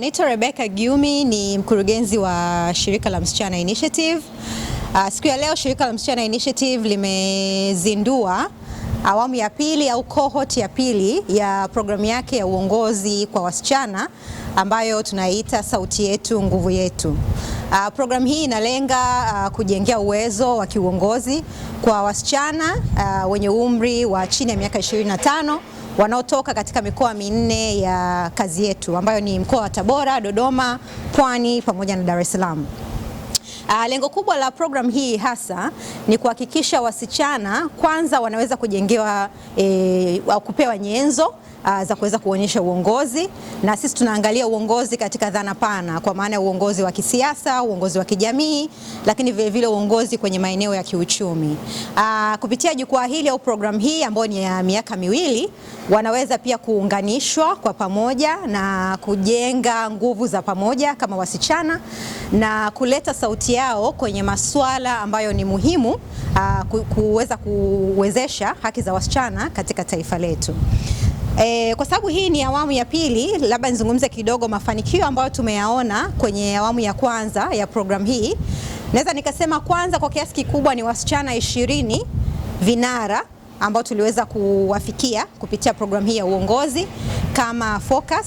Naitwa Rebecca Giumi, ni mkurugenzi wa shirika la Msichana Initiative. Uh, siku ya leo shirika la Msichana Initiative limezindua awamu ya pili au cohort ya pili ya programu yake ya uongozi kwa wasichana ambayo tunaita Sauti Yetu Nguvu Yetu. Uh, ah, programu hii inalenga uh, kujengea uwezo wa kiuongozi kwa wasichana uh, wenye umri wa chini ya miaka 25 wanaotoka katika mikoa minne ya kazi yetu ambayo ni mkoa wa Tabora, Dodoma, Pwani pamoja na Dar es Salaam. Uh, lengo kubwa la program hii hasa ni kuhakikisha wasichana kwanza wanaweza kujengewa e, kupewa nyenzo Uh, za kuweza kuonyesha uongozi na sisi tunaangalia uongozi katika dhana pana, kwa maana ya uongozi wa kisiasa, uongozi wa kijamii, lakini vilevile vile uongozi kwenye maeneo ya kiuchumi. Uh, kupitia jukwaa hili au program hii ambayo ni ya miaka miwili, wanaweza pia kuunganishwa kwa pamoja na kujenga nguvu za pamoja kama wasichana na kuleta sauti yao kwenye masuala ambayo ni muhimu uh, kuweza kuwezesha haki za wasichana katika taifa letu. E, kwa sababu hii ni awamu ya pili, labda nizungumze kidogo mafanikio ambayo tumeyaona kwenye awamu ya kwanza ya programu hii. Naweza nikasema kwanza, kwa kiasi kikubwa ni wasichana ishirini vinara ambao tuliweza kuwafikia kupitia programu hii ya uongozi kama focus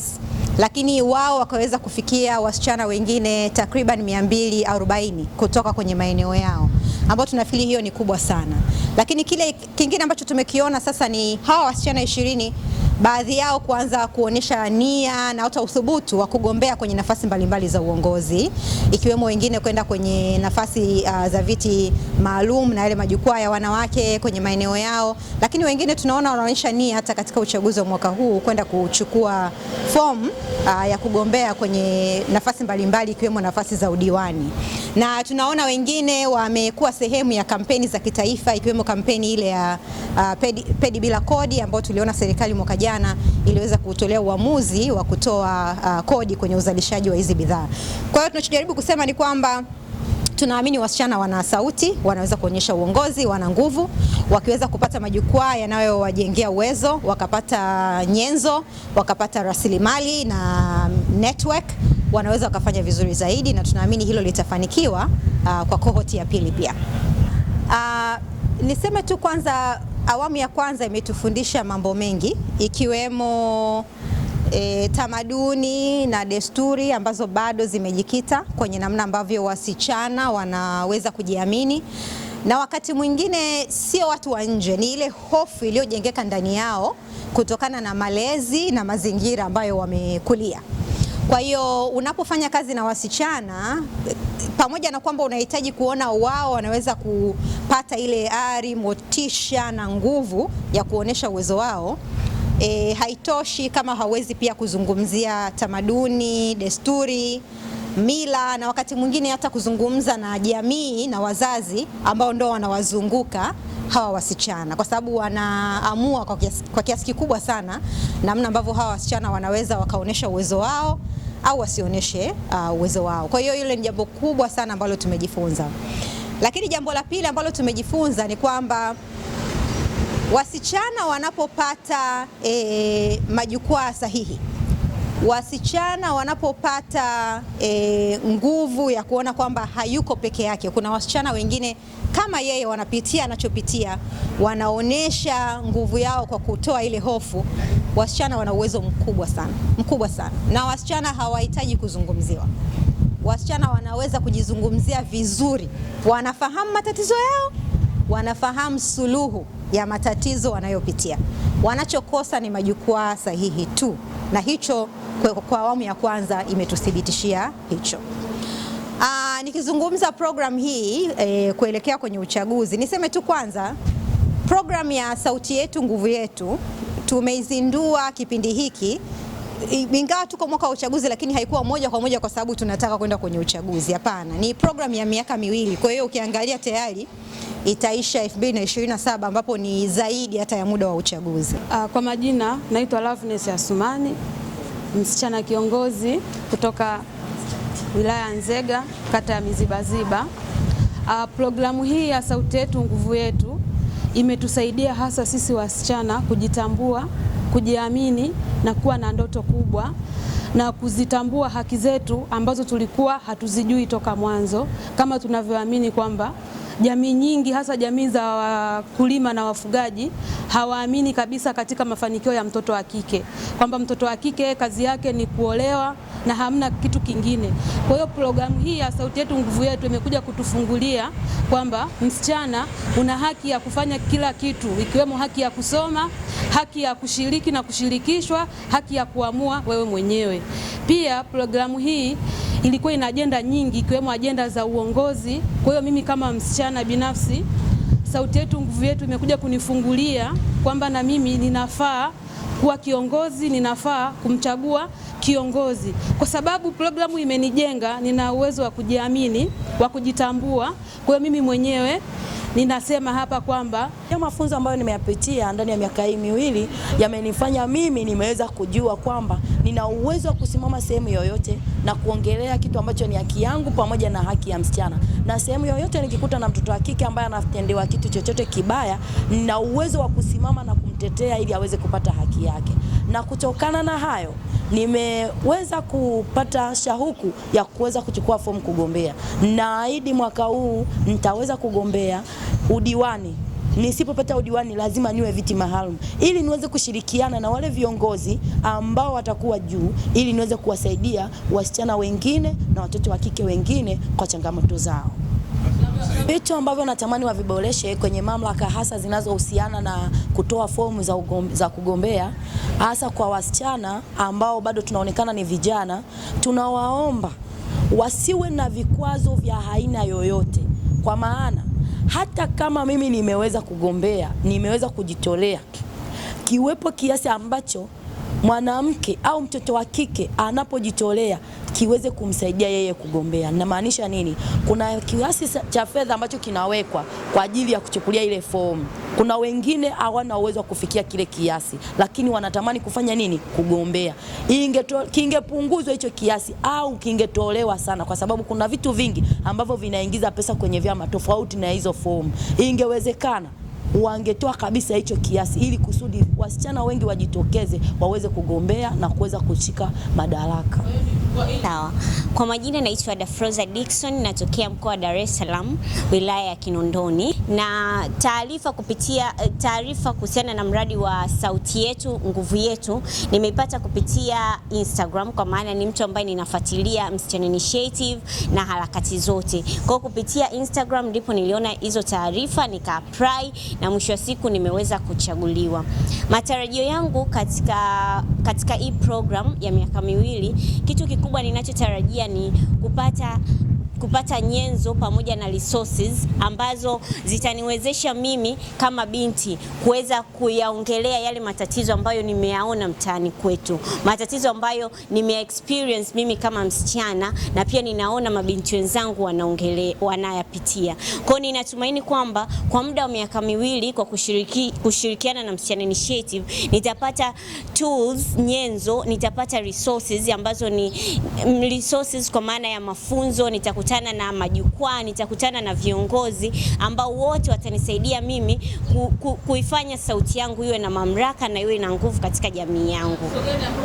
lakini wao wakaweza kufikia wasichana wengine takriban 240 kutoka kwenye maeneo yao ambao tunafikiri hiyo ni kubwa sana. Lakini kile kingine ambacho tumekiona sasa ni hawa wasichana ishirini baadhi yao kuanza kuonyesha nia na hata uthubutu wa kugombea kwenye nafasi mbalimbali za uongozi ikiwemo wengine kwenda kwenye nafasi uh, za viti maalum na yale majukwaa ya wanawake kwenye maeneo yao, lakini wengine tunaona wanaonyesha nia hata katika uchaguzi wa mwaka huu kwenda kuchukua fomu uh, ya kugombea kwenye nafasi mbalimbali ikiwemo nafasi za udiwani, na tunaona wengine wamekuwa sehemu ya kampeni za kitaifa ikiwemo kampeni ile ya uh, pedi, pedi bila kodi ambayo tuliona serikali mwaka jana iliweza kutolea uamuzi wa kutoa uh, kodi kwenye uzalishaji wa hizi bidhaa. Kwa hiyo tunachojaribu kusema ni kwamba tunaamini wasichana wana sauti, wanaweza kuonyesha uongozi, wana nguvu. Wakiweza kupata majukwaa yanayowajengea uwezo, wakapata nyenzo, wakapata rasilimali na network, wanaweza wakafanya vizuri zaidi, na tunaamini hilo litafanikiwa uh, kwa kohoti ya pili pia. Uh, niseme tu kwanza awamu ya kwanza imetufundisha mambo mengi ikiwemo E, tamaduni na desturi ambazo bado zimejikita kwenye namna ambavyo wasichana wanaweza kujiamini, na wakati mwingine sio watu wa nje, ni ile hofu iliyojengeka ndani yao kutokana na malezi na mazingira ambayo wamekulia. Kwa hiyo unapofanya kazi na wasichana pamoja na kwamba unahitaji kuona wao wanaweza kupata ile ari, motisha na nguvu ya kuonesha uwezo wao. E, haitoshi kama hawezi pia kuzungumzia tamaduni, desturi, mila na wakati mwingine hata kuzungumza na jamii na wazazi ambao ndo wanawazunguka hawa wasichana, kwa sababu wanaamua kwa kiasi, kwa kiasi kikubwa sana namna ambavyo hawa wasichana wanaweza wakaonyesha uwezo wao au wasionyeshe uh, uwezo wao. Kwa hiyo ile ni jambo kubwa sana ambalo tumejifunza, lakini jambo la pili ambalo tumejifunza ni kwamba wasichana wanapopata e, majukwaa sahihi wasichana wanapopata e, nguvu ya kuona kwamba hayuko peke yake, kuna wasichana wengine kama yeye wanapitia anachopitia, wanaonyesha nguvu yao kwa kutoa ile hofu. Wasichana wana uwezo mkubwa sana, mkubwa sana, na wasichana hawahitaji kuzungumziwa. Wasichana wanaweza kujizungumzia vizuri, wanafahamu matatizo yao, wanafahamu suluhu ya matatizo wanayopitia. Wanachokosa ni majukwaa sahihi tu, na hicho kwa awamu ya kwanza imetuthibitishia hicho. Aa, ah, nikizungumza program hii e, kuelekea kwenye uchaguzi, niseme tu kwanza program ya sauti yetu nguvu yetu tumeizindua kipindi hiki ingawa tuko mwaka wa uchaguzi, lakini haikuwa moja kwa moja kwa sababu tunataka kwenda kwenye uchaguzi. Hapana, ni program ya miaka miwili. Kwa hiyo ukiangalia tayari itaisha 2027 ambapo ni zaidi hata ya muda wa uchaguzi. Ah, kwa majina naitwa Loveness Asumani, msichana kiongozi kutoka wilaya ya Nzega, kata ya Mizibaziba. Ah, programu hii ya sauti yetu nguvu yetu imetusaidia hasa sisi wasichana kujitambua, kujiamini na kuwa na ndoto kubwa na kuzitambua haki zetu ambazo tulikuwa hatuzijui toka mwanzo, kama tunavyoamini kwamba jamii nyingi hasa jamii za wakulima na wafugaji hawaamini kabisa katika mafanikio ya mtoto wa kike, kwamba mtoto wa kike kazi yake ni kuolewa na hamna kitu kingine. Kwa hiyo programu hii ya Sauti Yetu Nguvu Yetu imekuja kutufungulia kwamba msichana una haki ya kufanya kila kitu, ikiwemo haki ya kusoma, haki ya kushiriki na kushirikishwa, haki ya kuamua wewe mwenyewe. Pia programu hii ilikuwa ina ajenda nyingi ikiwemo ajenda za uongozi. Kwa hiyo mimi kama msichana binafsi, sauti yetu nguvu yetu imekuja kunifungulia kwamba na mimi ninafaa kuwa kiongozi, ninafaa kumchagua kiongozi, kwa sababu programu imenijenga. Nina uwezo wa kujiamini, wa kujitambua. Kwa hiyo mimi mwenyewe ninasema hapa kwamba ya mafunzo ambayo nimeyapitia ndani ya miaka hii miwili yamenifanya mimi nimeweza kujua kwamba nina uwezo wa kusimama sehemu yoyote na kuongelea kitu ambacho ni haki yangu pamoja na haki ya msichana, na sehemu yoyote nikikuta na mtoto wa kike ambaye anatendewa kitu chochote kibaya, nina uwezo wa kusimama na kumtetea ili aweze kupata haki yake na kutokana na hayo nimeweza kupata shauku ya kuweza kuchukua fomu kugombea. Naahidi mwaka huu nitaweza kugombea udiwani. Nisipopata udiwani lazima niwe viti maalum, ili niweze kushirikiana na wale viongozi ambao watakuwa juu, ili niweze kuwasaidia wasichana wengine na watoto wa kike wengine kwa changamoto zao. Vitu ambavyo natamani waviboreshe kwenye mamlaka hasa zinazohusiana na kutoa fomu za, za kugombea hasa kwa wasichana ambao bado tunaonekana ni vijana, tunawaomba wasiwe na vikwazo vya aina yoyote, kwa maana hata kama mimi nimeweza kugombea, nimeweza kujitolea, kiwepo kiasi ambacho mwanamke au mtoto wa kike anapojitolea kiweze kumsaidia yeye kugombea. Namaanisha nini? Kuna kiasi cha fedha ambacho kinawekwa kwa ajili ya kuchukulia ile fomu. Kuna wengine hawana uwezo wa kufikia kile kiasi, lakini wanatamani kufanya nini? Kugombea. Kingepunguzwa hicho kiasi au kingetolewa sana, kwa sababu kuna vitu vingi ambavyo vinaingiza pesa kwenye vyama tofauti na hizo fomu. Ingewezekana wangetoa kabisa hicho kiasi ili kusudi wasichana wengi wajitokeze waweze kugombea na kuweza kushika madaraka. Sawa. Kwa majina naitwa Dafroza Dickson, natokea mkoa wa Dar es Salaam, wilaya ya Kinondoni, na taarifa kupitia eh, taarifa kuhusiana na mradi wa sauti yetu nguvu yetu nimeipata kupitia Instagram, kwa maana ni mtu ambaye ninafuatilia Msichana Initiative na harakati zote. Kwa kupitia Instagram ndipo niliona hizo taarifa nikaapply, na mwisho wa siku nimeweza kuchaguliwa. Matarajio yangu katika katika hii program ya miaka miwili, kitu kikubwa ninachotarajia ni kupata kupata nyenzo pamoja na resources ambazo zitaniwezesha mimi kama binti kuweza kuyaongelea yale matatizo ambayo nimeyaona mtaani kwetu, matatizo ambayo nimea experience mimi kama msichana, na pia ninaona mabinti wenzangu wanaongelea wanayapitia. Kwa hiyo ninatumaini kwamba kwa muda wa miaka miwili kwa kushiriki, kushirikiana na Msichana Initiative nitapata tools, nyenzo, nitapata resources ambazo ni resources kwa maana ya mafunzo nitakuta nitakutana na majukwaa, nitakutana na viongozi ambao wote watanisaidia mimi ku, ku, kuifanya sauti yangu iwe na mamlaka na iwe na nguvu katika jamii yangu.